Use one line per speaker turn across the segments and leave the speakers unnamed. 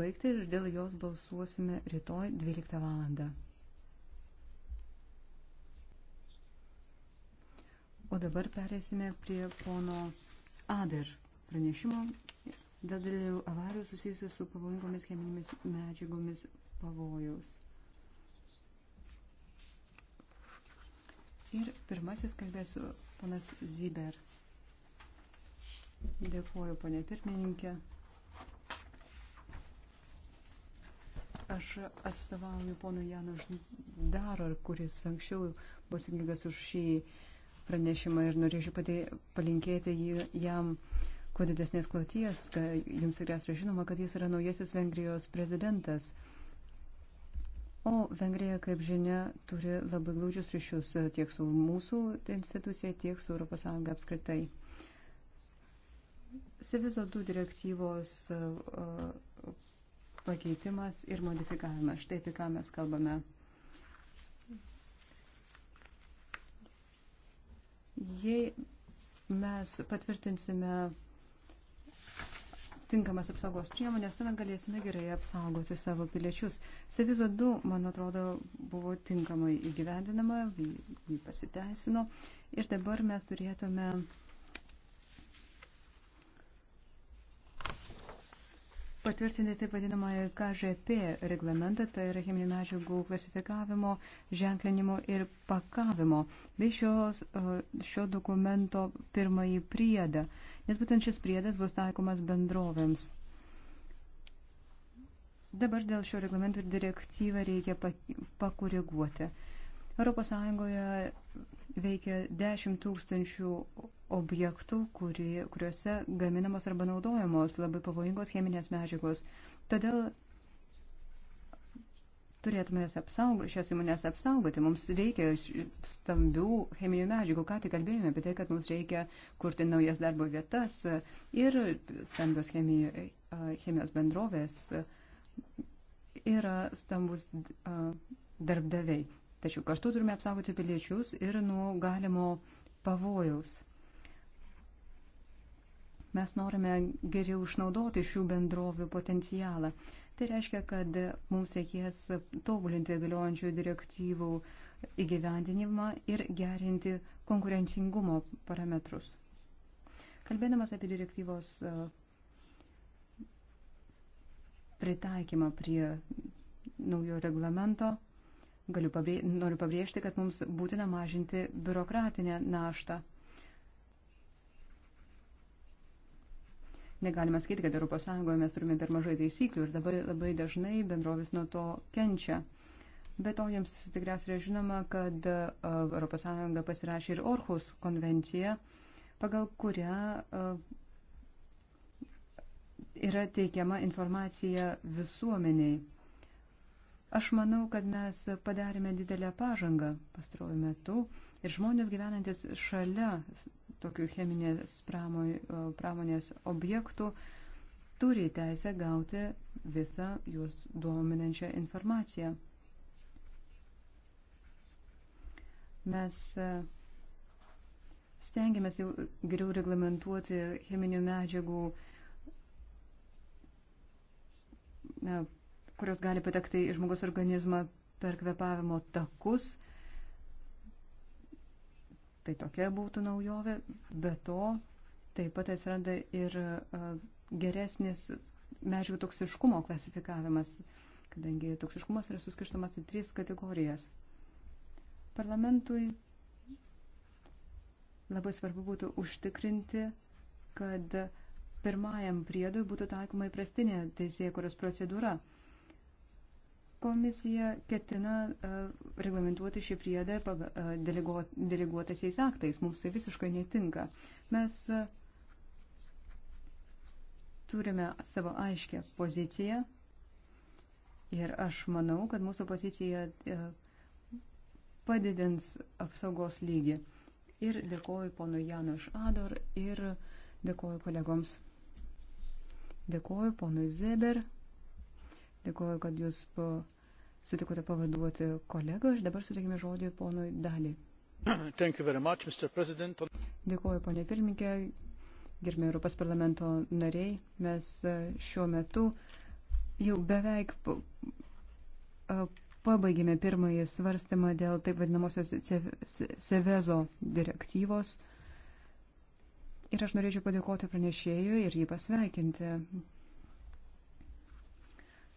baigti ir dėl jos balsuosime rytoj 12 val. O dabar perėsime prie pono Ader pranešimo dėl dėlių avarijų susijusių su pavojingomis cheminėmis medžiagomis pavojaus. Ir pirmasis kalbėsiu ponas Ziber. Dėkuoju, ponė pirmininkė. Aš atstovauju ponu Janu Ždarą, kuris anksčiau buvo atsakingas už šį pranešimą ir norėčiau padė, palinkėti jį, jam kuo didesnės kloties. Jums tikriausiai žinoma, kad jis yra naujasis Vengrijos prezidentas. O Vengrija, kaip žinia, turi labai glaudžius ryšius tiek su mūsų institucija, tiek su ES apskritai. Sevizo 2 direktyvos. Uh, pakeitimas ir modifikavimas. Štai apie ką mes kalbame. Jei mes patvirtinsime tinkamas apsaugos priemonės, tuomet galėsime gerai apsaugoti savo piliečius. Sevizo 2, man atrodo, buvo tinkamai įgyvendinama, jį pasiteisino ir dabar mes turėtume patvirtinti taip vadinamąją KŽP reglamentą, tai yra cheminių medžiagų klasifikavimo, ženklinimo ir pakavimo, bei šios, e, šio dokumento pirmąjį priedą, nes būtent šis priedas bus taikomas bendrovėms. Dabar dėl šio reglamento ir direktyvą reikia pakoreguoti. Europos Sąjungoje veikia 10 tūkstančių objektų, kuri, kuriuose gaminamos arba naudojamos labai pavojingos cheminės medžiagos. Todėl turėtume apsaugo, šias įmonės apsaugoti. Mums reikia stambių cheminių medžiagų. Ką tik kalbėjome apie tai, kad mums reikia kurti naujas darbo vietas ir stambios chemijų, chemijos bendrovės yra stambus darbdaviai. Tačiau kartu turime apsaugoti piliečius ir nuo galimo pavojaus. Mes norime geriau išnaudoti šių bendrovių potencialą. Tai reiškia, kad mums reikės tobulinti galiojančių direktyvų įgyvendinimą ir gerinti konkurencingumo parametrus. Kalbėdamas apie direktyvos e, pritaikymą prie naujo reglamento, Galiu pabrė, noriu pabrėžti, kad mums būtina mažinti biurokratinę naštą. Negalime sakyti, kad ES mes turime per mažai taisyklių ir dabar labai dažnai bendrovis nuo to kenčia. Be to, jums tikriausiai yra žinoma, kad ES pasirašė ir Orhus konvenciją, pagal kurią yra teikiama informacija visuomeniai. Aš manau, kad mes padarėme didelę pažangą pastaruoju metu ir žmonės gyvenantis šalia tokių cheminės pramonės objektų turi teisę gauti visą juos duominančią informaciją. Mes e, stengiamės jau geriau reglamentuoti cheminių medžiagų e, kurios gali patekti į žmogus organizmą per kvepavimo takus. Tai tokia būtų naujovė. Be to, taip pat atsiranda ir geresnis medžiagų toksiškumo klasifikavimas, kadangi toksiškumas yra suskirstamas į tris kategorijas. Parlamentui labai svarbu būtų užtikrinti, kad pirmajam priedui būtų taikoma įprastinė teisėkuros procedūra. Komisija ketina uh, reglamentuoti šį priedą pagal, uh, e, delego, deleguotaisiais aktais. Mums tai visiškai netinka. Mes uh, turime savo aiškę poziciją ir aš manau, kad mūsų pozicija uh, padidins apsaugos lygį. Ir dėkoju ponui Januš Ador ir dėkoju kolegoms. Dėkoju ponui Zeber. Dėkoju, kad jūs po sutikote pavaduoti kolegą ir dabar sutikime žodį ponui Dalį. Dėkuoju, ponė pirmininkė, gerbėjai Europos parlamento nariai. Mes e, šiuo metu jau beveik e, pabaigėme pirmąjį svarstymą dėl taip vadinamosios Sevezo direktyvos. Ir aš norėčiau padėkoti pranešėjui ir jį pasveikinti.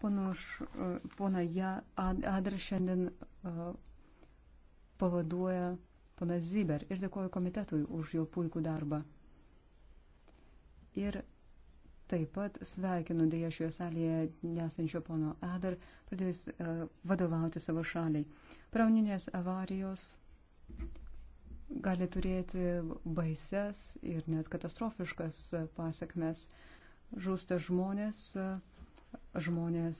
E, pona ja, Adra šiandien e, pavaduoja ponas Ziber ir dėkoju komitetui už jo puikų darbą. Ir taip pat sveikinu dėja šioje salėje nesančio pono Adar, pradėjus uh, vadovauti savo šaliai. Prauninės avarijos gali turėti baises ir net katastrofiškas pasiekmes. Žūsta žmonės. Uh, žmonės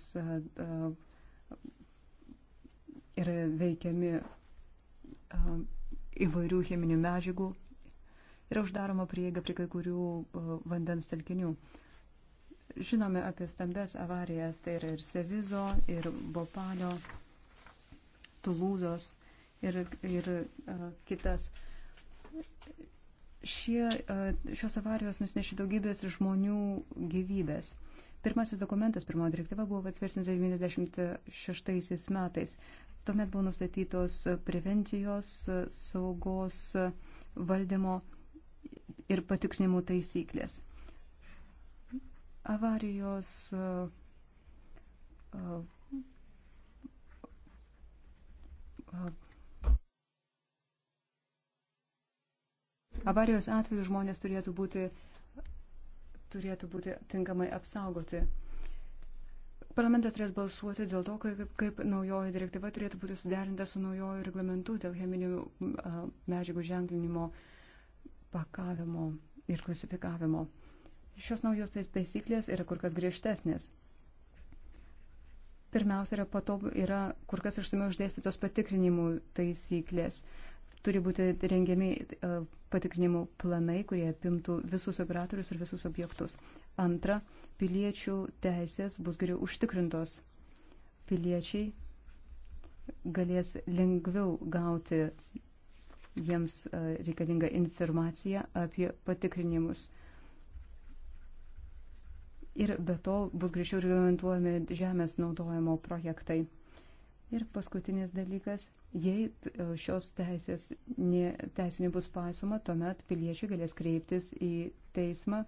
yra veikiami įvairių cheminių medžiagų ir uždaroma prieiga prie kai kurių vandens telkinių. Žinome apie stambes avarijas, tai yra ir Sevizo, ir Bopalio, Tulūzos ir, ir uh, kitas. Šie, uh, šios avarijos nusinešė daugybės žmonių gyvybės. Uh, Pirmasis dokumentas, pirmoji direktyva buvo patvirtinta 1996 metais. Tuomet buvo nustatytos prevencijos, saugos, valdymo ir patikrinimų taisyklės. Avarijos Avarijos atveju žmonės turėtų būti turėtų būti tinkamai apsaugoti. Parlamentas turės balsuoti dėl to, kaip, kaip naujoji direktyva turėtų būti suderinta su naujoju reglamentu dėl cheminių uh, medžiagų ženklinimo, pakavimo ir klasifikavimo. Šios naujos taisyklės yra kur kas griežtesnės. Pirmiausia, yra, patob, yra kur kas išsimiau uždėstytos patikrinimų taisyklės. Turi būti rengiami e, patikrinimų planai, kurie apimtų visus operatorius ir visus objektus. Antra, piliečių teisės bus geriau užtikrintos. Piliečiai galės lengviau gauti jiems e, reikalingą informaciją apie patikrinimus. Ir be to bus greičiau reglamentuojami žemės naudojimo projektai. Ir paskutinis dalykas, jei e, šios teisės ne, teisų nebus paisoma, tuomet piliečiai galės kreiptis į teismą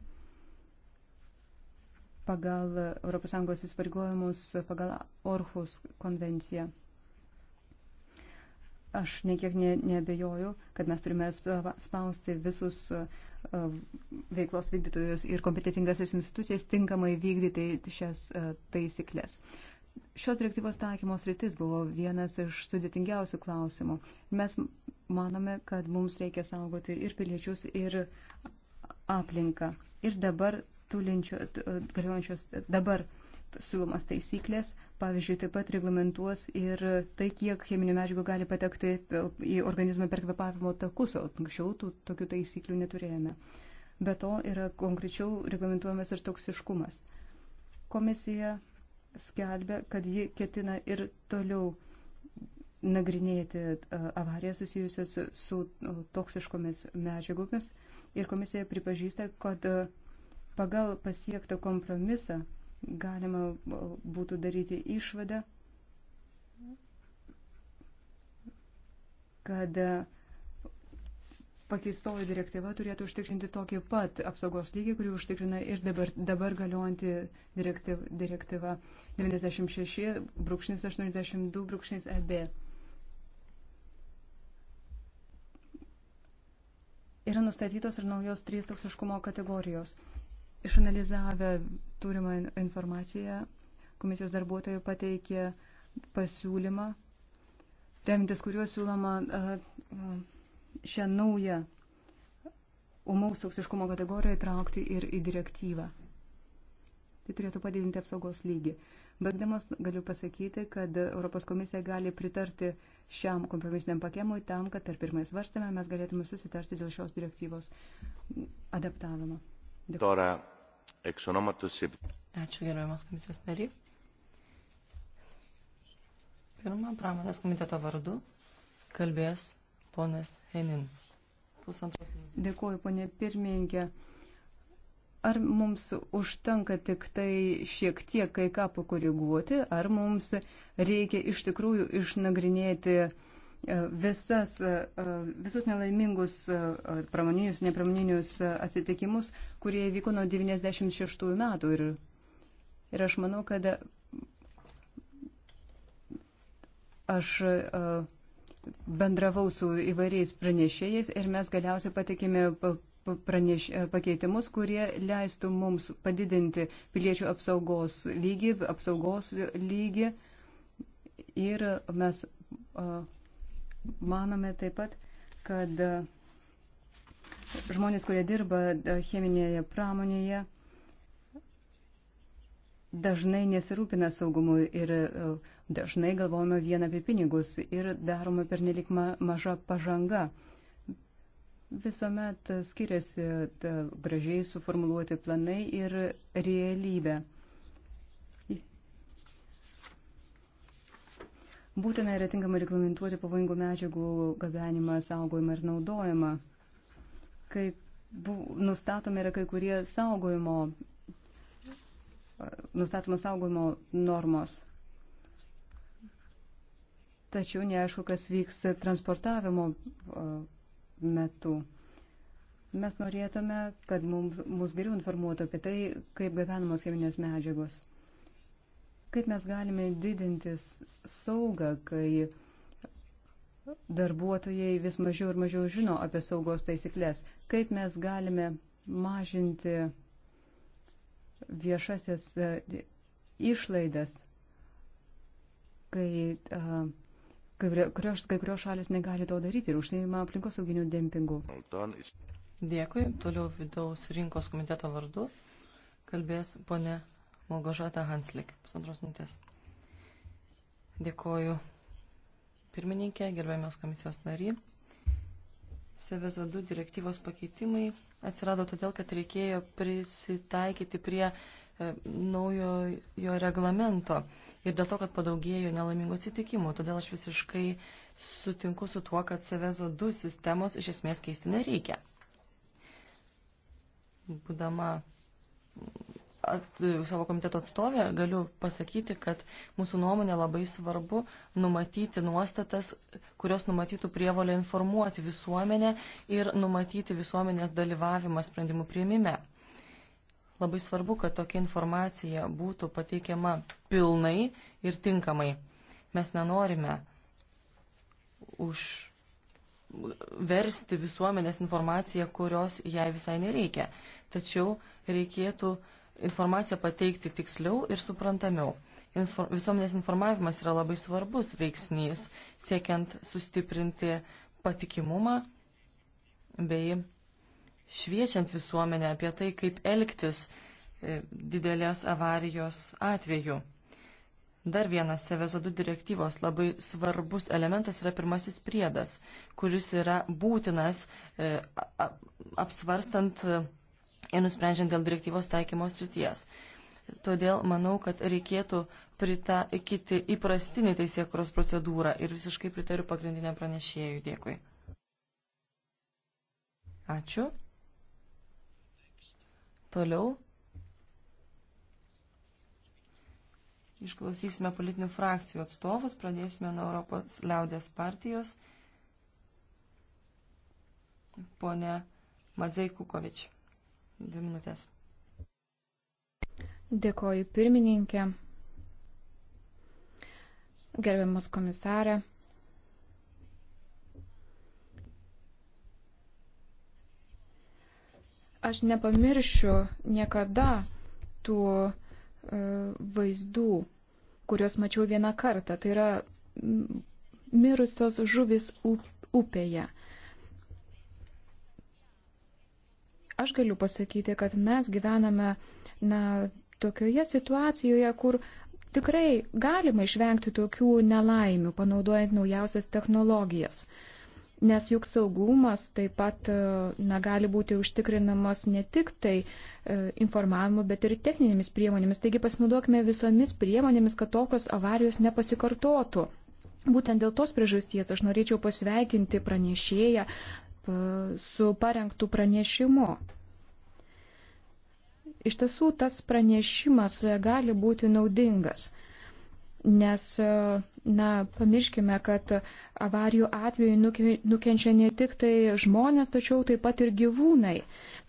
pagal ES įsipareigojimus, pagal Orhus konvenciją. Aš nekiek ne, nebejoju, kad mes turime spausti visus e, veiklos vykdytojus ir kompetitingas institucijas tinkamai vykdyti šias e, taisyklės. Šios direktyvos taikymos rytis buvo vienas iš sudėtingiausių klausimų. Mes manome, kad mums reikia saugoti ir piliečius, ir aplinką. Ir dabar galiojančios dabar siūlomas taisyklės, pavyzdžiui, taip pat reglamentuos ir tai, kiek cheminių medžiagų gali patekti į organizmą per kvepavimo takus, o anksčiau tų tokių taisyklių neturėjome. Be to yra konkrečiau reglamentuojamas ir toksiškumas. Komisija skelbia, kad ji ketina ir toliau nagrinėti e, avarijas susijusias su toksiškomis medžiagomis ir komisija pripažįsta, kad e, pagal pasiektą kompromisą galima būtų daryti išvadą, kad uh, pakeistoji direktyva turėtų užtikrinti tokį pat apsaugos lygį, kurį užtikrina ir dabar, dabar galiojanti direktyv, direktyva 96-82-EB. E Yra nustatytos ir naujos trys toksiškumo kategorijos. Išanalizavę turimą informaciją, komisijos darbuotojai pateikė pasiūlymą, remintis kuriuo siūloma. Uh, uh, šią naują umaus toksiškumo kategoriją įtraukti ir į direktyvą. Tai turėtų padidinti apsaugos lygį. Bagdamas galiu pasakyti, kad Europos komisija gali pritarti šiam kompromisiniam pakemui tam, kad per pirmąjį svarstymą mes galėtume susitarti dėl šios direktyvos adaptavimo.
Ačiū gerbiamas komisijos nariai. Pirmą pramonės komiteto vardu kalbės Ponas Henin. Pusantros.
Dėkuoju, ponė pirmininkė. Ar mums užtenka tik tai šiek tiek kai ką pakoriguoti, ar mums reikia iš tikrųjų išnagrinėti e, visas, e, e, visus nelaimingus pramoninius, nepramoninius atsitikimus, kurie vyko nuo 96 metų. Ir, ir aš manau, kad aš. Uh, bendravau su įvairiais pranešėjais ir mes galiausiai patikėme praneš, e, pakeitimus, kurie leistų mums padidinti piliečių apsaugos lygį, apsaugos lygį. Ir mes manome taip pat, kad žmonės, kurie dirba cheminėje pramonėje, dažnai nesirūpina saugumu ir e, dažnai galvojame vien apie pinigus ir daroma pernelik ma maža pažanga. Visuomet skiriasi ta, e, gražiai suformuluoti planai ir realybė. Būtina yra tinkamai reglamentuoti pavojingų medžiagų gabenimą, saugojimą ir naudojimą. Kai bu, nustatome yra kai kurie saugojimo nustatomas saugojimo normos. Tačiau neaišku, kas vyks transportavimo metu. Mes norėtume, kad mus geriau informuotų apie tai, kaip gabenamos cheminės medžiagos. Kaip mes galime didinti saugą, kai darbuotojai vis mažiau ir mažiau žino apie saugos taisyklės. Kaip mes galime mažinti viešasias e, išlaidas, kai, e, kai, kurios, kai kurios šalis negali to daryti ir užsieima aplinkosauginių dempingų.
Dėkui. Toliau vidaus rinkos komiteto vardu kalbės ponė Malgožata Hanslik. Pusantros minutės. Dėkoju pirmininkė, gerbėmios komisijos nariai. Sevezo 2 direktyvos pakeitimai atsirado todėl, kad reikėjo prisitaikyti prie e, naujojo reglamento ir dėl to, kad padaugėjo nelaimingų atsitikimų. Todėl aš visiškai sutinku su tuo, kad Sevezo 2 sistemos iš esmės keisti nereikia. Būdama at, savo komiteto atstovė galiu pasakyti, kad mūsų nuomonė labai svarbu numatyti nuostatas, kurios numatytų prievolę informuoti visuomenę ir numatyti visuomenės dalyvavimą sprendimų prieimime. Labai svarbu, kad tokia informacija būtų pateikiama pilnai ir tinkamai. Mes nenorime už versti visuomenės informaciją, kurios jai visai nereikia. Tačiau reikėtų uh, informaciją pateikti tiksliau ir suprantamiau. Info, visuomenės informavimas yra labai svarbus veiksnys, siekiant sustiprinti patikimumą bei šviečiant visuomenę apie tai, kaip elgtis e, didelės avarijos atveju. Dar vienas Sevezo 2 direktyvos labai svarbus elementas yra pirmasis priedas, kuris yra būtinas e, apsvarstant e, ir nusprendžiant dėl direktyvos taikymos srities. Todėl manau, kad reikėtų pritaikyti įprastinį teisėkuros procedūrą ir visiškai pritariu pagrindiniam pranešėjui. Dėkui. Ačiū. Toliau. Išklausysime politinių frakcijų atstovus, pradėsime nuo Europos liaudės partijos. Pone Madzai Kukovičiu. Dvi minutės.
Dėkoju pirmininkė, gerbiamas komisarė. Aš nepamiršiu niekada tų e, vaizdų, kuriuos mačiau vieną kartą. Tai yra mirusios žuvis upėje. Aš galiu pasakyti, kad mes gyvename na, tokioje situacijoje, kur tikrai galima išvengti tokių nelaimių, panaudojant naujausias technologijas. Nes juk saugumas taip pat e, na, gali būti užtikrinamas ne tik tai e, informavimu, bet ir techninėmis priemonėmis. Taigi pasinaudokime visomis priemonėmis, kad tokios avarijos nepasikartotų. Būtent dėl tos priežasties aš norėčiau pasveikinti pranešėją, E, su parengtų pranešimu. Iš tiesų, tas pranešimas gali būti naudingas, nes, e, na, pamirškime, kad avarijų atveju nukenčia ne tik tai žmonės, tačiau taip pat ir gyvūnai.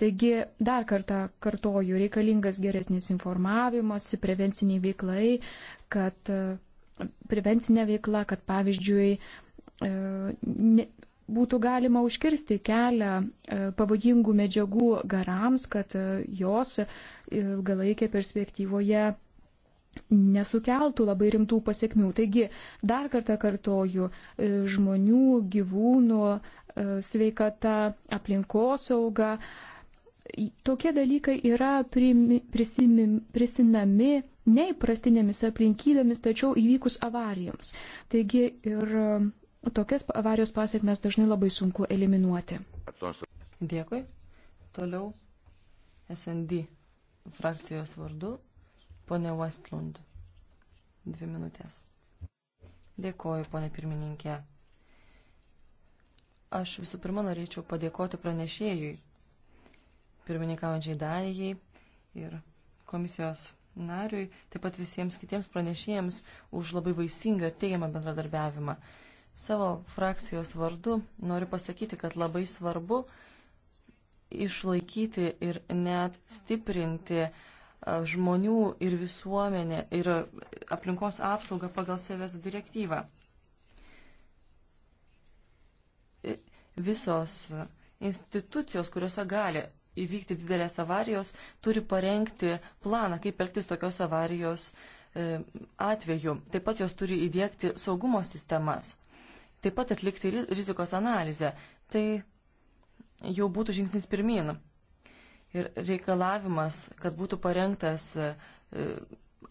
Taigi, dar kartą kartoju, reikalingas geresnis informavimas, prevenciniai veiklai, kad prevencinė veikla, kad pavyzdžiui, e, ne, būtų galima užkirsti kelią e, pavojingų medžiagų garams, kad e, jos ilgalaikė perspektyvoje nesukeltų labai rimtų pasiekmių. Taigi, dar kartą kartoju, e, žmonių, gyvūnų sveikata, aplinkosauga, tokie dalykai yra primi, prisimi, prisinami neįprastinėmis aplinkybėmis, tačiau įvykus avarijams. Taigi ir Tokias avarijos pasiekmes dažnai labai sunku eliminuoti.
Dėkui. Toliau SND frakcijos vardu ponė Westlund. Dvi minutės. Dėkoju, ponė pirmininkė. Aš visų pirma norėčiau padėkoti pranešėjui, pirmininkaujančiai Danijai ir komisijos nariui, taip pat visiems kitiems pranešėjams už labai vaisingą ir teigiamą bendradarbiavimą. Savo frakcijos vardu noriu pasakyti, kad labai svarbu išlaikyti ir net stiprinti žmonių ir visuomenė ir aplinkos apsaugą pagal savęs direktyvą. Visos institucijos, kuriuose gali įvykti didelės avarijos, turi parengti planą, kaip elgtis tokios avarijos e, atveju. Taip pat jos turi įdėkti saugumo sistemas taip pat atlikti rizikos analizę. Tai jau būtų žingsnis pirmin. Ir reikalavimas, kad būtų parengtas e,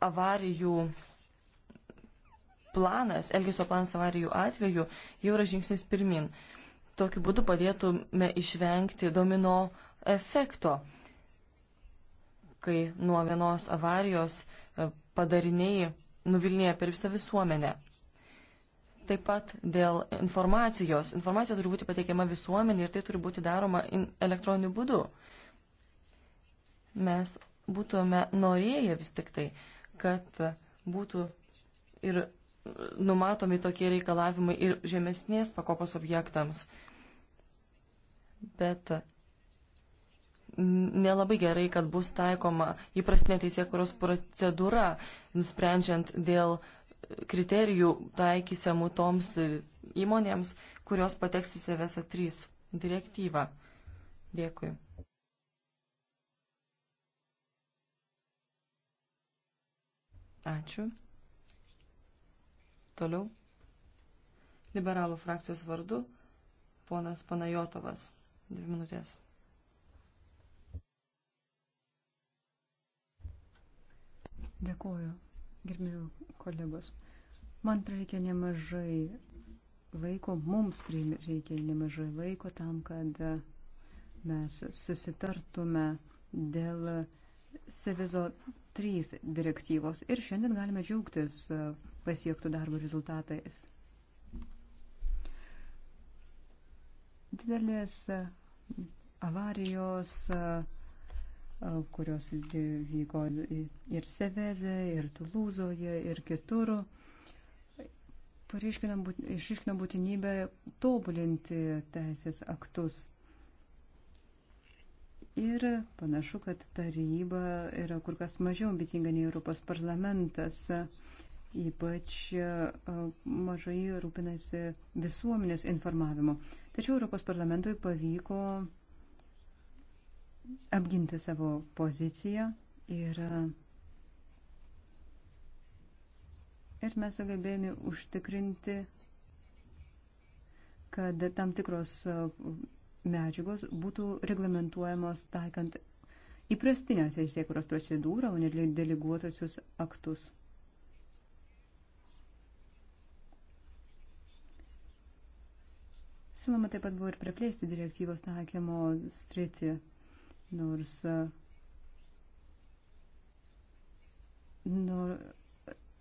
avarijų planas, elgesio planas avarijų atveju, jau yra žingsnis pirmin. Tokiu būdu padėtume išvengti domino efekto, kai nuo vienos avarijos e, padariniai nuvilnėja per visą visuomenę. Taip pat dėl informacijos. Informacija turi būti pateikiama visuomenė ir tai turi būti daroma elektroniniu būdu. Mes būtume norėję vis tik tai, kad būtų ir numatomi tokie reikalavimai ir žemesnės pakopos objektams. Bet nelabai gerai, kad bus taikoma įprastinė teisėkuros procedūra, nusprendžiant dėl uh, kriterijų taikysiamų toms įmonėms, kurios pateks į Seveso 3 direktyvą. Dėkui. Ačiū. Toliau. Liberalų frakcijos vardu ponas Panajotovas. Dvi minutės. Dėkuoju. Gerbėjau
kolegos, man prireikė nemažai laiko, mums prireikė nemažai laiko tam, kad mes susitartume dėl Sevizo 3 direktyvos ir šiandien galime džiaugtis pasiektų darbo rezultatais. Didelės avarijos uh, kurios vyko ir Seveze, ir Tulūzoje, ir kitur, išriškino būtinybę tobulinti teisės aktus. Ir panašu, kad taryba yra kur kas mažiau ambicinga nei Europos parlamentas, ypač e, mažai rūpinasi visuomenės informavimu. Tačiau Europos parlamentui pavyko apginti savo poziciją ir, ir mes sugebėjome užtikrinti, kad tam tikros e, medžiagos būtų reglamentuojamos taikant įprastinę teisėkuros procedūrą, o ne deleguotusius aktus. Siūloma taip pat buvo ir praplėsti direktyvos taikymo sritį nors, nors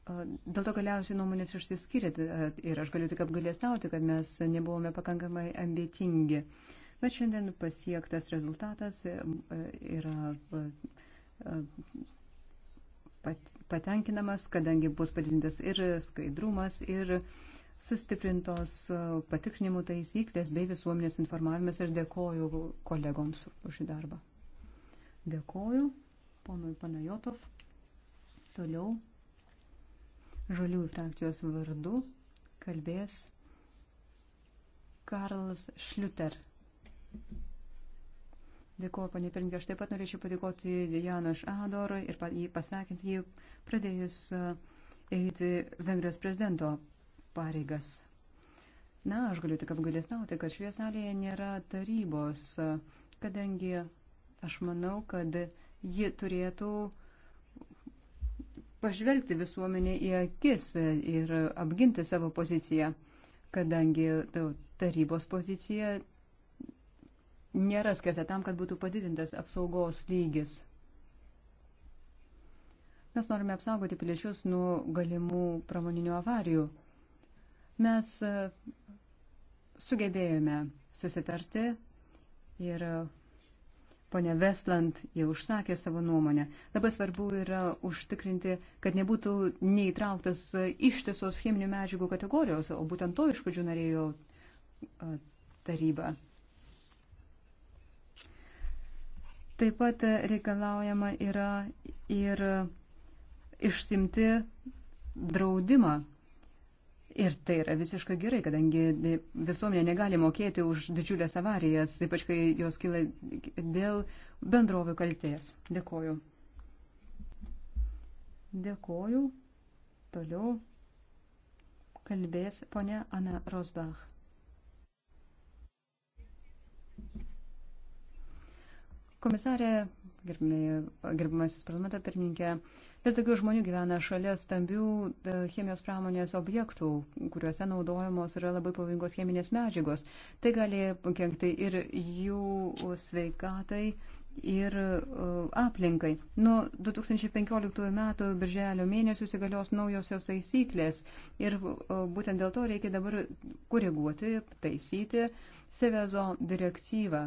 Dėl to galiausiai nuomonės išsiskyrė ir aš galiu tik apgalėstauti, kad mes nebuvome pakankamai ambicingi. Bet šiandien pasiektas rezultatas e, e, yra patenkinamas, kadangi bus padidintas ir skaidrumas, ir sustiprintos patikrinimų taisyklės bei visuomenės informavimas ir dėkoju kolegoms už šį darbą. Dėkoju ponui Panajotov. Toliau žaliųjų frakcijos vardu kalbės Karlas Šliuter. Dėkuoju, panė Pirinkė, aš taip pat norėčiau padėkoti Janoš Adorui ir pasveikinti jį pradėjus e, eiti Vengrijos prezidento pareigas. Na, aš galiu tik apgalėsnauti, kad šioje salėje nėra tarybos, kadangi Aš manau, kad ji turėtų pažvelgti visuomenė į akis ir apginti savo poziciją, kadangi tarybos pozicija nėra skirta tam, kad būtų padidintas apsaugos lygis. Mes norime apsaugoti piliečius nuo galimų pramoninių avarijų. Mes sugebėjome susitarti ir Pone Vestland jau užsakė savo nuomonę. Labai svarbu yra užtikrinti, kad nebūtų neįtrauktas ištisos cheminių medžiagų kategorijos, o būtent to iš pradžių norėjo taryba. Taip pat reikalaujama yra ir išsimti draudimą Ir tai yra visiškai gerai, kadangi visuomenė negali mokėti už didžiulės avarijas, ypač kai jos kyla dėl bendrovių kalties. Dėkoju. Dėkoju. Toliau kalbės ponia Ana Rosbach. Komisarė gerbimasis parlamento pirmininkė, vis daugiau žmonių gyvena šalia stambių e, chemijos pramonės objektų, kuriuose naudojamos yra labai pavojingos cheminės medžiagos. Tai gali kenkti ir jų sveikatai. Ir e, aplinkai. Nuo 2015 metų birželio mėnesių įsigalios naujosios taisyklės ir e, būtent dėl to reikia dabar koreguoti, taisyti Sevezo direktyvą.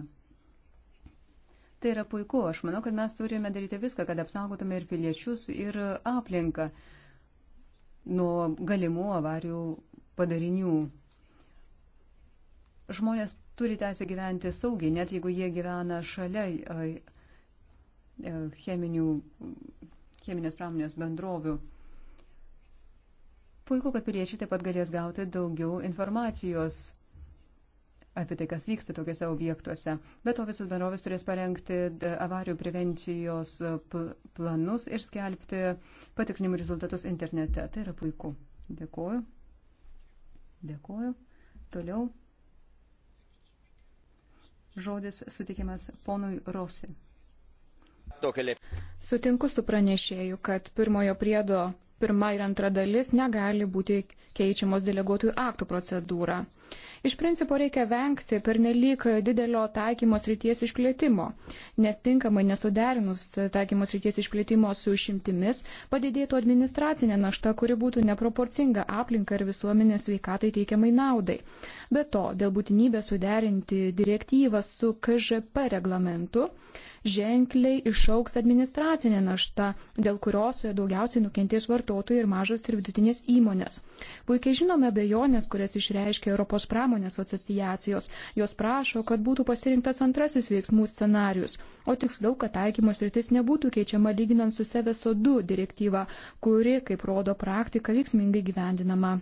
Tai yra puiku. Aš manau, kad mes turime daryti viską, kad apsaugotume ir piliečius, ir aplinką nuo galimų avarijų padarinių. Žmonės turi teisę gyventi saugiai, net jeigu jie gyvena šalia e, cheminių, cheminės pramonės bendrovių. Puiku, kad piliečiai taip pat galės gauti daugiau informacijos apie tai, kas vyksta tokiuose objektuose. Bet to visos bendrovės turės parengti e, avarijų prevencijos e, planus ir skelbti patikrinimų rezultatus internete. Tai yra puiku. Dėkuoju. Dėkuoju. Toliau. Žodis sutikimas ponui Rosi.
Sutinku su pranešėju, kad pirmojo priedo pirma ir antra dalis negali būti keičiamos deleguotojų aktų procedūra. Iš principo reikia vengti pernelyg didelio taikymos ryties išplėtimo, nes tinkamai nesuderinus taikymos ryties išplėtimo su išimtimis padidėtų administracinė našta, kuri būtų neproporcinga aplinka ir visuomenės veikatai teikiamai naudai. Be to, dėl būtinybės suderinti direktyvą su KŽP reglamentu, ženkliai išauks administracinė našta, dėl kurios daugiausiai nukentės vartotojai ir mažos ir vidutinės įmonės. Puikiai žinome bejonės, kurias išreiškia Europos pramonės asociacijos. Jos prašo, kad būtų pasirinktas antrasis veiksmų scenarius, o tiksliau, kad taikymos rytis nebūtų keičiama lyginant su Seveso 2 direktyva, kuri, kaip rodo praktika, veiksmingai gyvendinama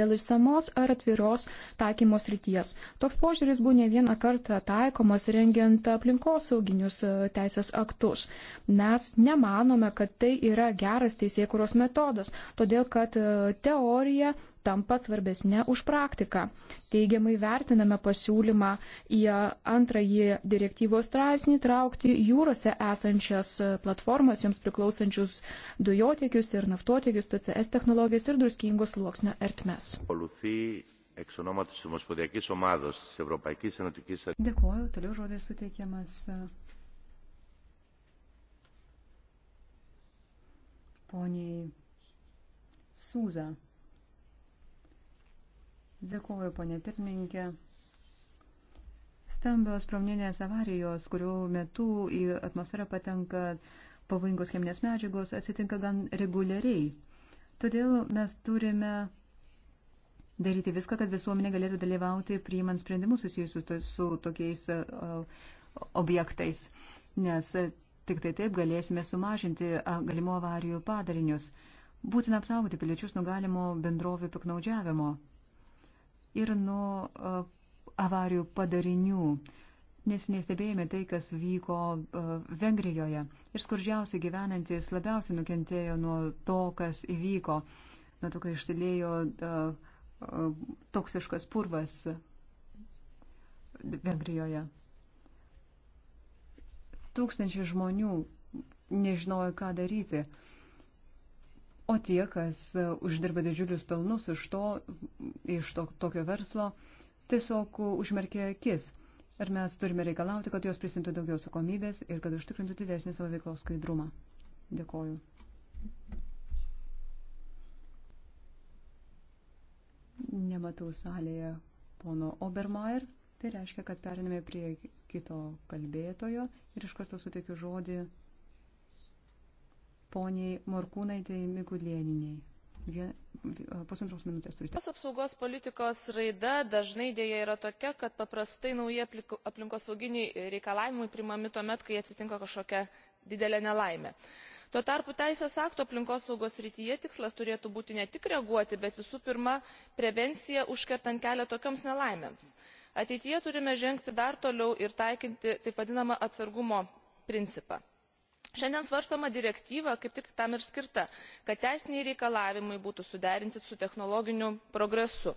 dėl išsamos ar atviros taikymos ryties. Toks požiūris buvo ne vieną kartą taikomas rengiant aplinkosauginius e, teisės aktus. Mes nemanome, kad tai yra geras teisėkuros metodas, todėl kad e, teorija tampa svarbesnė už praktiką. Teigiamai vertiname pasiūlymą į antrąjį direktyvos straipsnį traukti jūrose esančias platformas, joms priklausančius dujotiekius ir naftotiekius, TCS technologijas ir druskingos luoksnio ertmes.
Dėkuoju, toliau žodis suteikiamas e, poniai Sūza. Dėkuoju, ponė pirmininkė. Stambios pramoninės avarijos, kurių metu į atmosferą patenka pavojingos cheminės medžiagos, atsitinka gan reguliariai. Todėl mes turime daryti viską, kad visuomenė galėtų dalyvauti priimant sprendimus susijusius su tokiais objektais, nes tik tai taip galėsime sumažinti galimų avarijų padarinius. Būtina apsaugoti piliečius nuo galimo bendrovių piknaudžiavimo ir nuo avarijų padarinių, nes nestebėjome tai, kas vyko Vengrijoje. Ir skurdžiausiai gyvenantis labiausiai nukentėjo nuo to, kas įvyko, nuo to, kai išsilėjo toksiškas purvas Vengrijoje. Tūkstančiai žmonių nežinojo, ką daryti. O tie, kas e, uždirba didžiulius pelnus iš to, iš to, tokio verslo, tiesiog e, užmerkė akis. Ir mes turime reikalauti, kad jos prisimtų daugiau atsakomybės ir kad užtikrintų didesnį savo veiklos skaidrumą. Dėkoju. Nematau salėje pono Obermeier. Tai reiškia, kad periname prie kito kalbėtojo ir iš karto suteikiu žodį poniai Morkūnaitai Mikulėniniai. Pusantros minutės turite.
Tas apsaugos politikos raida dažnai dėja yra tokia, kad paprastai nauji aplinkosauginiai reikalavimai primami tuomet, kai atsitinka kažkokia didelė nelaimė. Tuo tarpu teisės akto aplinkosaugos rytyje tikslas turėtų būti ne tik reaguoti, bet visų pirma prevencija užkertant kelią tokioms nelaimėms. Ateityje turime žengti dar toliau ir taikinti taip vadinamą atsargumo principą šiandien svarstoma direktyva kaip tik tam ir skirta kad teisiniai reikalavimai būtų suderinti su technologiniu progresu.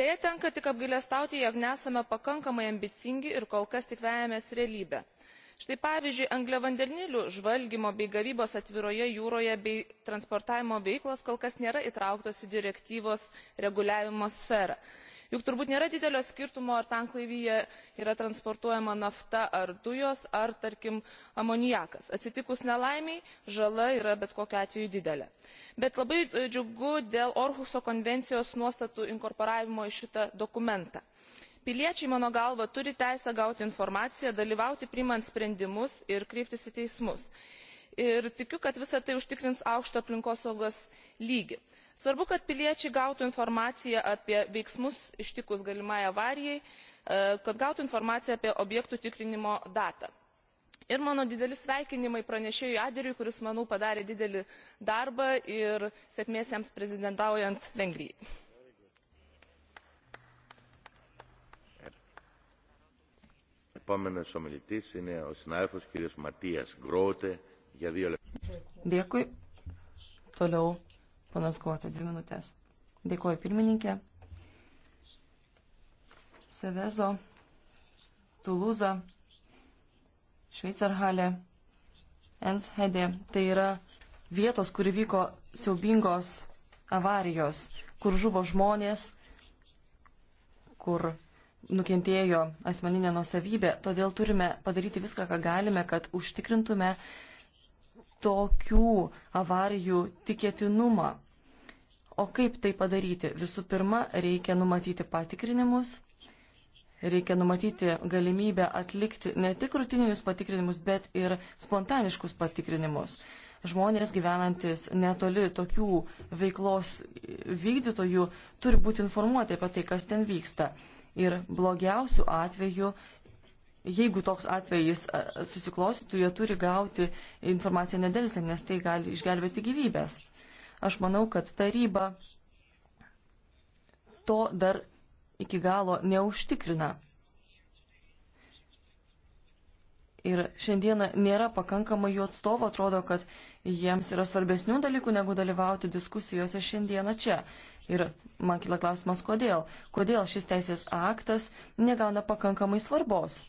deja tenka tik apgailestauti jog nesame pakankamai ambicingi ir kol kas tik vejamės realybę. štai pavyzdžiui angliavandenilių žvalgymo bei gavybos atviroje jūroje bei transportavimo veiklos kol kas nėra įtrauktos į direktyvos reguliavimo sferą juk turbūt nėra didelio skirtumo ar tanklaivyje yra transportuojama nafta ar dujos ar tarkim amoniakas atsitikus nelaimei žala yra bet kokiu atveju didelė. bet labai e, džiugu dėl orhuso konvencijos nuostatų inkorporavimo į šitą dokumentą. piliečiai mano galva turi teisę gauti informaciją dalyvauti priimant sprendimus ir kreiptis į teismus ir tikiu kad visa tai užtikrins aukštą aplinkosaugos lygį svarbu kad piliečiai gautų informaciją apie veiksmus ištikus galimai avarijai e, kad gautų informaciją apie objektų tikrinimo datą. ir mano dideli sveikinimai pranešėjui aderiui kuris manau padarė didelį darbą ir sėkmės jam prezidentaujant vengrijai.
Dėkui. Toliau Panas Kota, dvi minutės. Dėkuoju pirmininkė. Sevezo, Tuluza, Šveicarhalė, Enshede. Tai yra vietos, kur vyko siaubingos avarijos, kur žuvo žmonės, kur nukentėjo asmeninė nusavybė. Todėl turime padaryti viską, ką galime, kad užtikrintume, tokių avarijų tikėtinumą. O kaip tai padaryti? Visų pirma, reikia numatyti patikrinimus, reikia numatyti galimybę atlikti ne tik rutininius patikrinimus, bet ir spontaniškus patikrinimus. Žmonės gyvenantis netoli tokių veiklos vykdytojų turi būti informuoti apie tai, kas ten vyksta. Ir blogiausių atvejų jeigu toks atvejis susiklostytų, jie turi gauti informaciją nedėlsiam, nes tai gali išgelbėti gyvybės. Aš manau, kad taryba to dar iki galo neužtikrina. Ir šiandieną nėra pakankamai jų atstovų, atrodo, kad jiems yra svarbesnių dalykų, negu dalyvauti diskusijose šiandieną čia. Ir man kila klausimas, kodėl? Kodėl šis teisės aktas negauna pakankamai svarbos?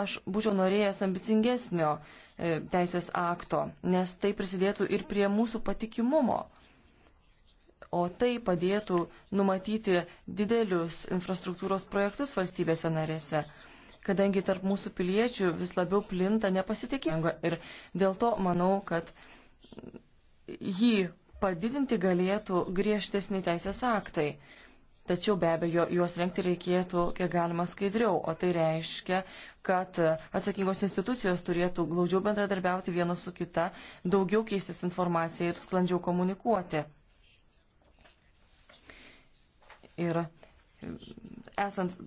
aš būčiau norėjęs ambicingesnio e, teisės akto, nes tai prisidėtų ir prie mūsų patikimumo. O tai padėtų numatyti didelius infrastruktūros projektus valstybėse narėse, kadangi tarp mūsų piliečių vis labiau plinta nepasitikėjimą. Ir dėl to manau, kad jį padidinti galėtų griežtesni teisės aktai tačiau be abejo juos renkti reikėtų kiek galima skaidriau, o tai reiškia, kad atsakingos institucijos turėtų glaudžiau bendradarbiauti viena su kita, daugiau keistis informaciją ir sklandžiau komunikuoti. Ir esant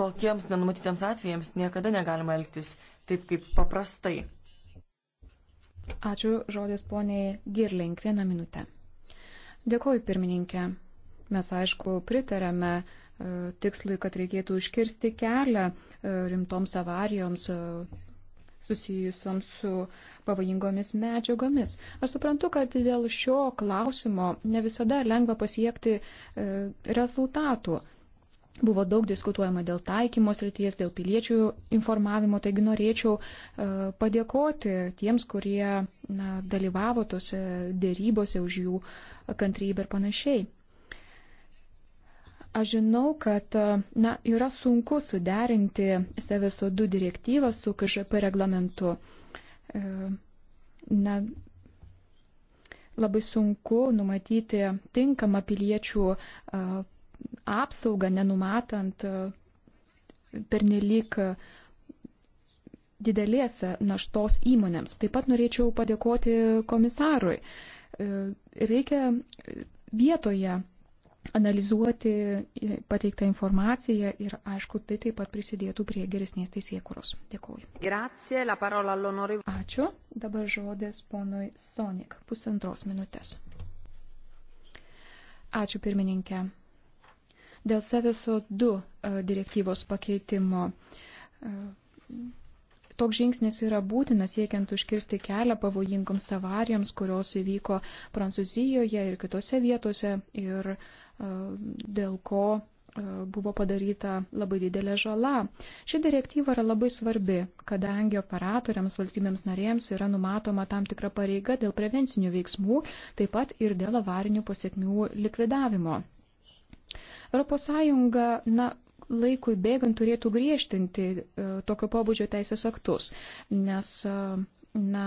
tokiems nenumatytiems atvejams niekada negalima elgtis taip kaip paprastai.
Ačiū žodis poniai Girling. Vieną minutę. Dėkoju pirmininkė. Mes, aišku, pritarėme e, tikslui, kad reikėtų užkirsti kelią e, rimtoms avarijoms e, susijusioms su pavojingomis medžiagomis. Aš suprantu, kad dėl šio klausimo ne visada lengva pasiekti rezultatų. Buvo daug diskutuojama dėl taikymos ryties, dėl piliečių informavimo, taigi norėčiau padėkoti tiems, kurie na, dalyvavo tose dėrybose už jų kantrybę ir panašiai. Aš žinau, kad e, na, yra sunku suderinti Seveso 2 direktyvą su KŽP reglamentu. E, na, labai sunku numatyti tinkamą piliečių e, apsaugą, nenumatant pernelyg didelės naštos įmonėms. Taip pat norėčiau padėkoti komisarui. Reikia vietoje analizuoti pateiktą informaciją ir, aišku, tai taip pat prisidėtų prie geresnės teisėkuros. Dėkuoju.
Grazie, la parola all'onore.
Ačiū. Dabar žodis ponui Sonik. Pusantros minutės. Ačiū pirmininkė. Dėl Seveso 2 e, direktyvos pakeitimo. E, toks žingsnis yra būtinas siekiant užkirsti kelią pavojingoms avarijams, kurios įvyko Prancūzijoje ir kitose vietose. Ir uh, E, dėl ko e, buvo padaryta labai didelė žala. Ši direktyva yra labai svarbi, kadangi operatoriams valstybėms narėms yra numatoma tam tikra pareiga dėl prevencinių veiksmų, taip pat ir dėl avarinių pasiekmių likvidavimo. ES na, laikui bėgant turėtų griežtinti e, tokio pobūdžio teisės aktus, nes, e, na,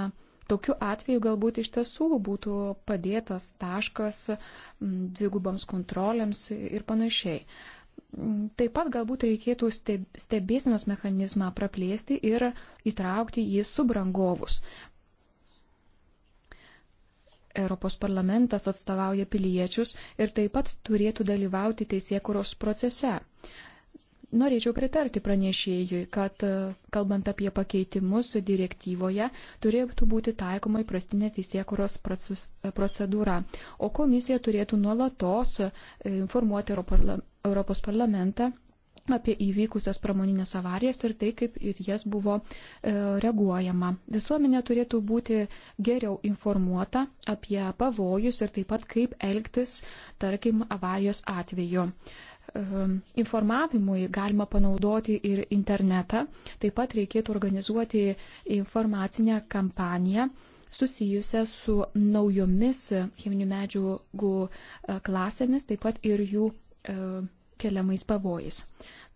Tokiu atveju galbūt iš tiesų būtų padėtas taškas dvigubams kontrolėms ir panašiai. Taip pat galbūt reikėtų stebėsinos mechanizmą praplėsti ir įtraukti jį subrangovus. Europos parlamentas atstovauja piliečius ir taip pat turėtų dalyvauti teisėkuros procese. Norėčiau pritarti pranešėjui, kad e, kalbant apie pakeitimus direktyvoje, turėtų būti taikoma įprastinė teisėkuros procedūra, o komisija turėtų nuolatos e, informuoti Europos parlamentą apie įvykusias pramoninės avarijas ir tai, kaip ir jas buvo e, reaguojama. Visuomenė turėtų būti geriau informuota apie pavojus ir taip pat kaip elgtis, tarkim, avarijos atveju. Ehm, informavimui galima panaudoti ir internetą. Taip pat reikėtų organizuoti informacinę kampaniją susijusią su naujomis cheminių medžiagų e, klasėmis, taip pat ir jų e, keliamais pavojais.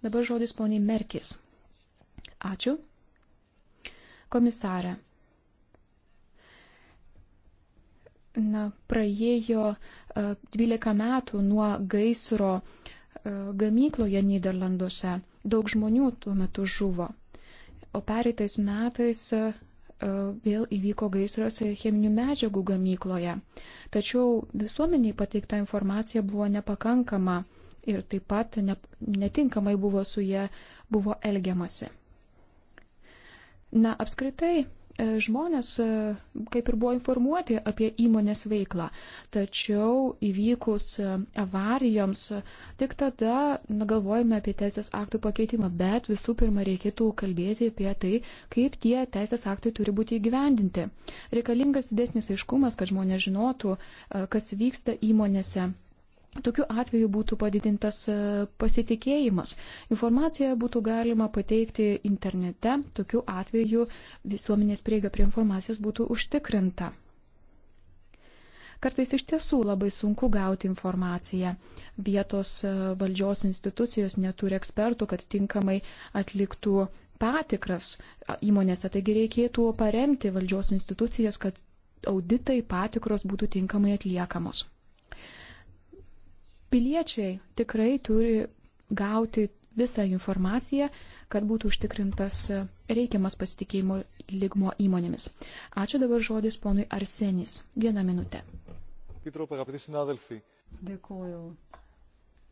Dabar žodis poniai Merkis. Ačiū. Komisarė. Na, praėjo 12 e, metų nuo gaisro E, gamykloje Niderlanduose. Daug žmonių tuo metu žuvo. O pereitais metais e, vėl įvyko gaisras cheminių medžiagų gamykloje. Tačiau visuomeniai pateikta informacija buvo nepakankama ir taip pat ne, netinkamai buvo su jie buvo elgiamasi. Na, apskritai, E, žmonės e, kaip ir buvo informuoti apie įmonės veiklą. Tačiau įvykus e, avarijoms, tik tada galvojame apie teisės aktų pakeitimą, bet visų pirma reikėtų kalbėti apie tai, kaip tie teisės aktai turi būti įgyvendinti. Reikalingas didesnis aiškumas, kad žmonės žinotų, kas vyksta įmonėse Tokiu atveju būtų padidintas e, pasitikėjimas. Informaciją būtų galima pateikti internete, tokiu atveju visuomenės prieiga prie informacijos būtų užtikrinta. Kartais iš tiesų labai sunku gauti informaciją. Vietos e, valdžios institucijos neturi ekspertų, kad tinkamai atliktų patikras įmonėse. Taigi reikėtų paremti valdžios institucijas, kad auditai patikros būtų tinkamai atliekamos. Piliečiai tikrai turi gauti visą informaciją, kad būtų užtikrintas reikiamas pasitikėjimo lygmo įmonėmis. Ačiū dabar žodis ponui Arsenis. Vieną minutę.
Dėkuoju,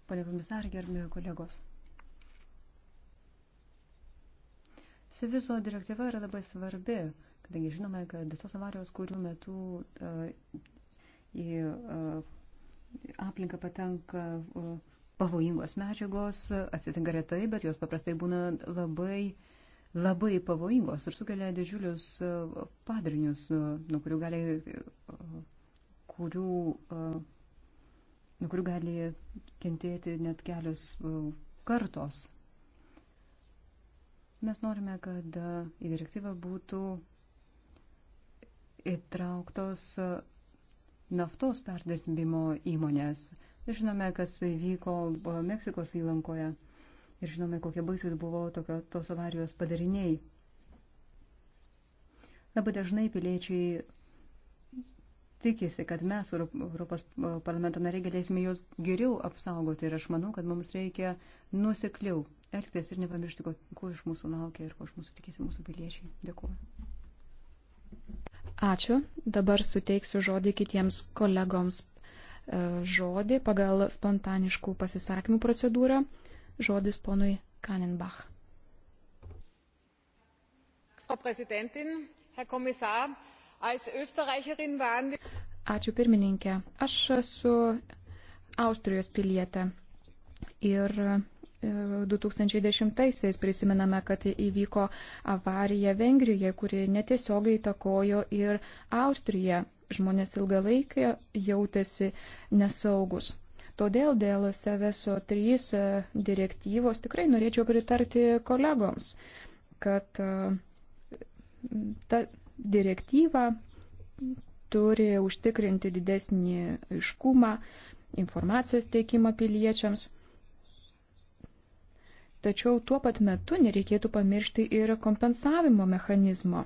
Pane komisarė, gerbėjo kolegos. Seviso direktyva yra labai svarbi, kadangi žinome, kad tos avarijos, kurių metu uh, į uh, aplinką patenka pavojingos medžiagos, atsitinka retai, bet jos paprastai būna labai, labai pavojingos ir sukelia didžiulius padarinius, nuo kurių gali, kurių, nuo kurių gali kentėti net kelios kartos. Mes norime, kad į direktyvą būtų įtrauktos naftos perdirbimo įmonės. Žinome, kas vyko Meksikos įlankoje ir žinome, kokie baisus buvo tokio, tos avarijos padariniai. Labai dažnai piliečiai tikisi, kad mes, Europos parlamento nariai, galėsime juos geriau apsaugoti ir aš manau, kad mums reikia nusekliau elgtis ir nepamiršti, ko, ko iš mūsų laukia ir ko iš mūsų tikisi mūsų piliečiai. Dėkuoju.
Ačiū. Dabar suteiksiu žodį kitiems kolegoms. E, žodį pagal spontaniškų pasisakymų procedūrą. Žodis ponui Kaninbach. Frau Präsidentin, Herr Kommissar, als Österreicherin waren wir. Ačiū pirmininkė. Aš esu Austrijos pilietė. Ir 2010-aisiais prisimename, kad įvyko avarija Vengrijoje, kuri netiesiogiai įtakojo ir Austriją. Žmonės ilgą laiką jautėsi nesaugus. Todėl dėl SVSO 3 direktyvos tikrai norėčiau pritarti kolegoms, kad e, ta direktyva turi užtikrinti didesnį iškumą, informacijos teikimą piliečiams Tačiau tuo pat metu nereikėtų pamiršti ir kompensavimo mechanizmo.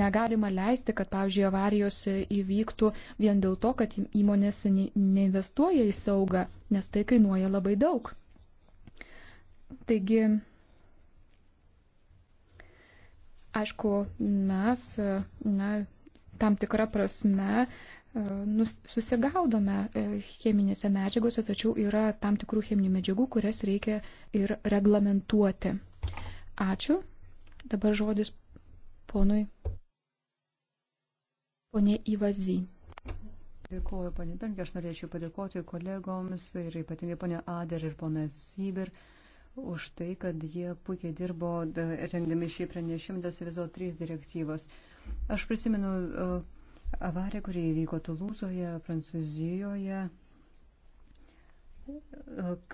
Negalima leisti, kad, pavyzdžiui, avarijos įvyktų vien dėl to, kad įmonės neinvestuoja į saugą, nes tai kainuoja labai daug. Taigi, aišku, mes, na, tam tikrą prasme E, susigaudome e, cheminėse medžiagose, tačiau yra tam tikrų cheminių medžiagų, kurias reikia ir reglamentuoti. Ačiū. Dabar žodis
ponui. Pone Ivazy. Dėkuoju, ponė Bergė, aš norėčiau padėkoti kolegoms ir ypatingai ponė Ader ir ponė Sybir už tai, kad jie puikiai dirbo e, rengdami šį pranešimą dėl Sevizo 3 direktyvos. Aš prisimenu uh, Avarija, kurie įvyko Tulūzoje, Prancūzijoje,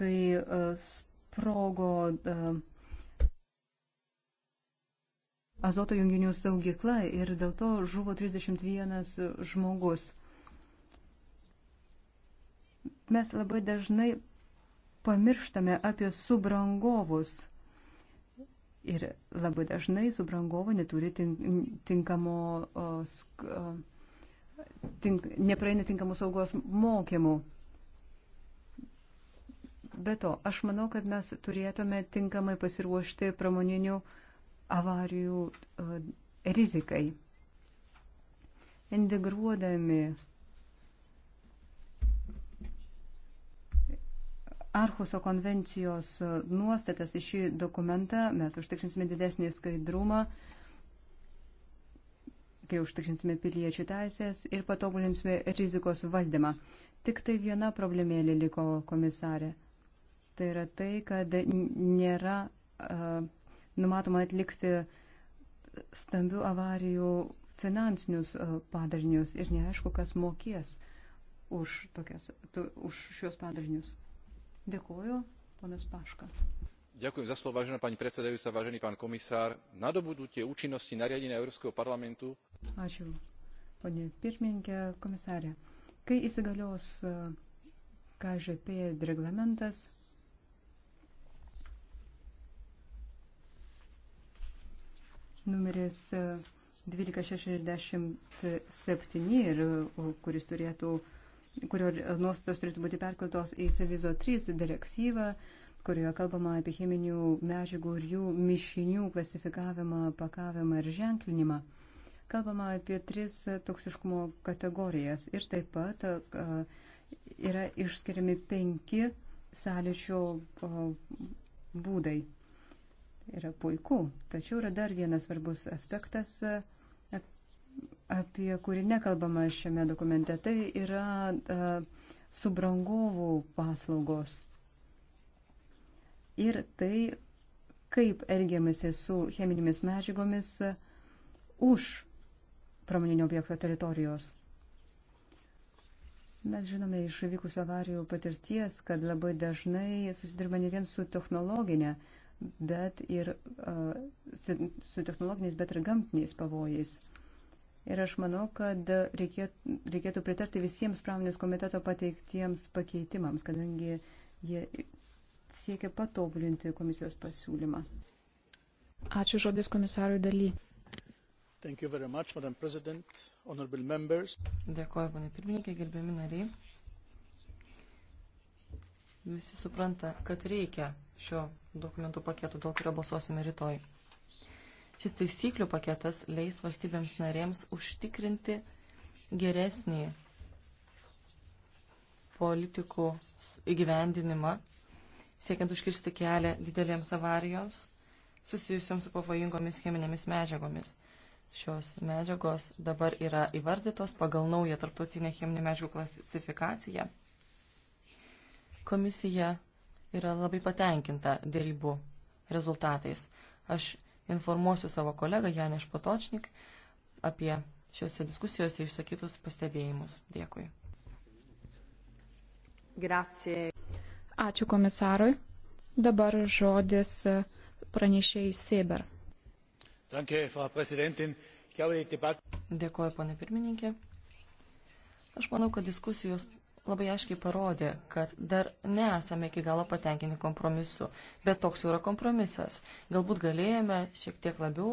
kai e, sprogo e, azoto junginių saugykla ir dėl to žuvo 31 žmogus. Mes labai dažnai pamirštame apie subrangovus. Ir labai dažnai subrangovai neturi tinkamo. O, sk, o, tink, nepraeina tinkamų saugos mokymų. Be to, aš manau, kad mes turėtume tinkamai pasiruošti pramoninių avarijų e, rizikai. Integruodami Arhuso konvencijos nuostatas į šį dokumentą mes užtikrinsime didesnį skaidrumą kai užtikrinsime piliečių teisės ir patobulinsime rizikos valdymą. Tik tai viena problemėlė liko komisarė. Tai yra tai, kad nėra uh, numatoma atlikti stambių avarijų finansinius uh, padarinius ir neaišku, kas mokės už, tokias, tu, už šios padarinius. Dėkuoju, ponas Paška
nadobudnutie
účinnosti nariadenia Európskeho parlamentu. Ačiū, ponė pirmininkė, komisarė. Kai įsigalios e, KŽP reglamentas, numeris 1267 e, ir kuris turėtų, kurio nuostatos turėtų būti perkeltos į Sevizo 3 direktyvą, uh, kurioje kalbama apie cheminių medžiagų ir jų mišinių klasifikavimą, pakavimą ir ženklinimą. Kalbama apie tris toksiškumo kategorijas ir taip pat yra išskiriami penki sąlyčio būdai. Yra puiku, tačiau yra dar vienas svarbus aspektas, apie kurį nekalbama šiame dokumente, tai yra subrangovų paslaugos ir tai, kaip elgiamasi su cheminėmis medžiagomis už pramoninio objekto teritorijos. Mes žinome iš vykusių avarijų patirties, kad labai dažnai susidirba ne vien su technologinė, bet ir uh, su, su technologiniais, bet ir gamtiniais pavojais. Ir aš manau, kad reikėtų, reikėtų pritarti visiems pramonės komiteto pateiktiems pakeitimams, kadangi jie siekia patobulinti komisijos pasiūlymą. Ačiū žodis komisarui daly. Much,
Dėkuoju, ponė pirmininkė, gerbiami nariai. Visi supranta, kad reikia šio dokumentų paketo, dėl kurio balsuosime rytoj. Šis taisyklių paketas leis valstybėms narėms užtikrinti geresnį politikų įgyvendinimą siekiant užkirsti kelią didelėms avarijoms susijusioms su pavojingomis cheminėmis medžiagomis. Šios medžiagos dabar yra įvardytos pagal naują tarptautinę cheminių medžiagų klasifikaciją. Komisija yra labai patenkinta dėrybų rezultatais. Aš informuosiu savo kolegą Janeš Patočnik apie šiuose diskusijose išsakytus pastebėjimus. Dėkui.
Grazie. Ačiū komisarui. Dabar žodis pranešėjai Seiber.
Dėkuoju, ponė pirmininkė. Aš manau, kad diskusijos labai aiškiai parodė, kad dar nesame iki galo patenkinti kompromisu, bet toks jau yra kompromisas. Galbūt galėjome šiek tiek labiau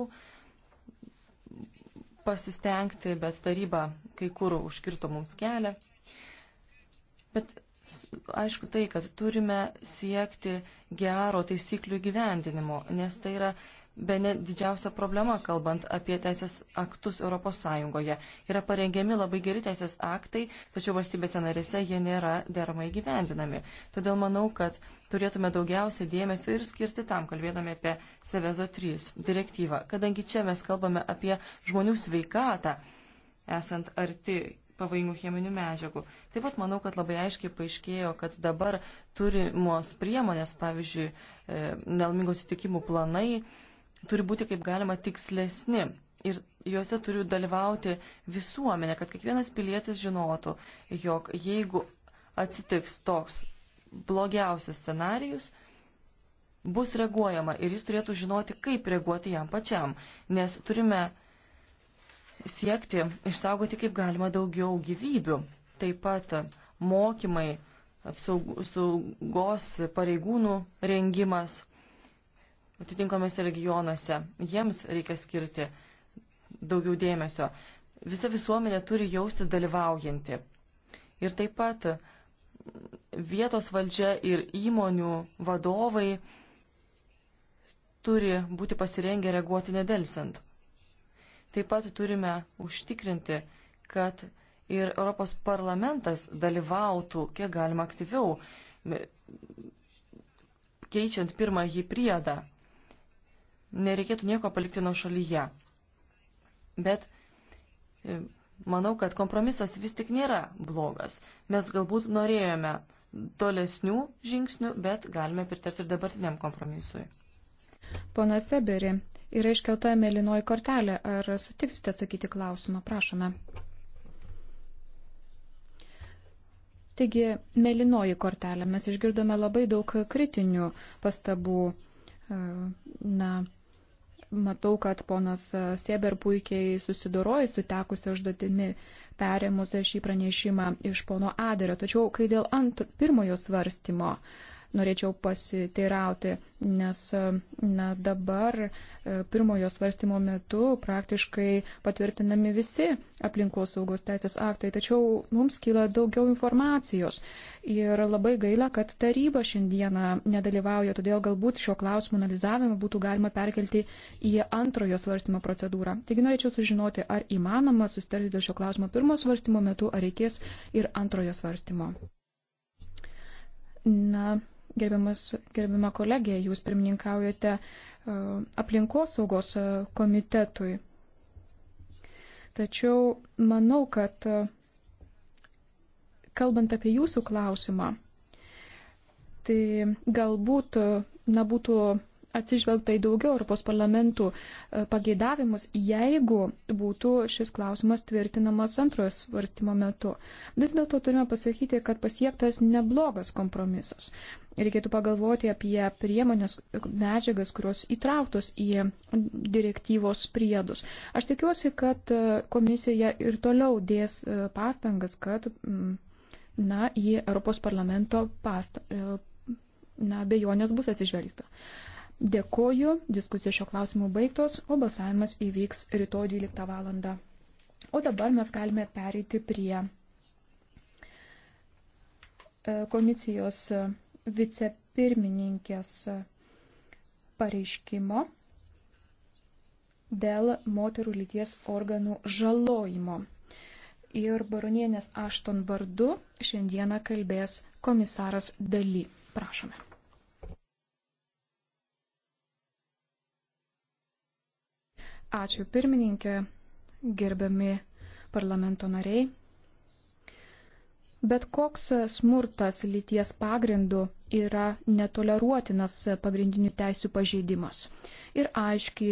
pasistengti, bet taryba kai kur užkirto mums kelią. Bet aišku tai, kad turime siekti gero taisyklių gyvendinimo, nes tai yra be ne didžiausia problema, kalbant apie teisės aktus ES. Yra parengiami labai geri teisės aktai, tačiau valstybėse narėse jie nėra deramai gyvendinami. Todėl manau, kad turėtume daugiausia dėmesio ir skirti tam, kalbėdami apie Sevezo 3 direktyvą, kadangi čia mes kalbame apie žmonių sveikatą, esant arti pavojingų cheminių medžiagų. Taip pat manau, kad labai aiškiai paaiškėjo, kad dabar turimos priemonės, pavyzdžiui, e, nelmingos įtikimų planai, turi būti kaip galima tikslesni. Ir juose turi dalyvauti visuomenė, kad kiekvienas pilietis žinotų, jog jeigu atsitiks toks blogiausias scenarijus, bus reaguojama ir jis turėtų žinoti, kaip reaguoti jam pačiam. Nes turime siekti išsaugoti kaip galima daugiau gyvybių. Taip pat mokymai, apsaugos pareigūnų rengimas atitinkamose regionuose. Jiems reikia skirti daugiau dėmesio. Visa visuomenė turi jausti dalyvaujanti. Ir taip pat vietos valdžia ir įmonių vadovai turi būti pasirengę reaguoti nedelsant. Taip pat turime užtikrinti, kad ir Europos parlamentas dalyvautų kiek galima aktyviau, keičiant pirmąjį priedą. Nereikėtų nieko palikti nuo šalyje. Bet e, manau, kad kompromisas vis tik nėra blogas. Mes galbūt norėjome tolesnių žingsnių, bet galime pritarti ir dabartiniam kompromisui.
Pana Seberi, Yra iškelta mėlynoji kortelė. Ar sutiksite atsakyti klausimą? Prašome. Taigi, mėlynoji kortelė. Mes išgirdome labai daug kritinių pastabų. E, na, matau, kad ponas Sieber puikiai susidoroja su tekusiu užduotimi perėmus šį pranešimą iš pono Aderio. Tačiau, kai dėl ant pirmojo svarstymo norėčiau pasiteirauti, nes na, dabar e, pirmojo svarstymo metu praktiškai patvirtinami visi aplinkos saugos teisės aktai, tačiau mums kyla daugiau informacijos ir labai gaila, kad taryba šiandieną nedalyvauja, todėl galbūt šio klausimo analizavimą būtų galima perkelti į antrojo svarstymo procedūrą. Taigi norėčiau sužinoti, ar įmanoma susitarti dėl šio klausimo pirmojo svarstymo metu, ar reikės ir antrojo svarstymo. Na, Gerbiamas, gerbiama kolegija, jūs pirmininkaujate e, aplinkosaugos e, komitetui. Tačiau manau, kad e, kalbant apie jūsų klausimą, tai galbūt na, būtų atsižvelgta į daugiau Europos parlamentų e, pageidavimus, jeigu būtų šis klausimas tvirtinamas antrojo svarstymo metu. Vis dėlto turime pasakyti, kad pasiektas neblogas kompromisas. Reikėtų pagalvoti apie priemonės medžiagas, kurios įtrauktos į direktyvos priedus. Aš tikiuosi, kad e, komisija ir toliau dės e, pastangas, kad na, į Europos parlamento pastą, na, bejonės bus atsižvelgta. Uh, Dėkoju, diskusijos šio klausimu baigtos, o balsavimas įvyks rytoj 12 val. O dabar mes galime pereiti prie e, komisijos vicepirmininkės pareiškimo dėl moterų lyties organų žalojimo. Ir baronienės Ašton vardu šiandieną kalbės komisaras Daly. Prašome. Ačiū pirmininkė, gerbiami parlamento nariai. Bet koks smurtas lyties pagrindu yra netoleruotinas pagrindinių teisų pažeidimas ir aiškiai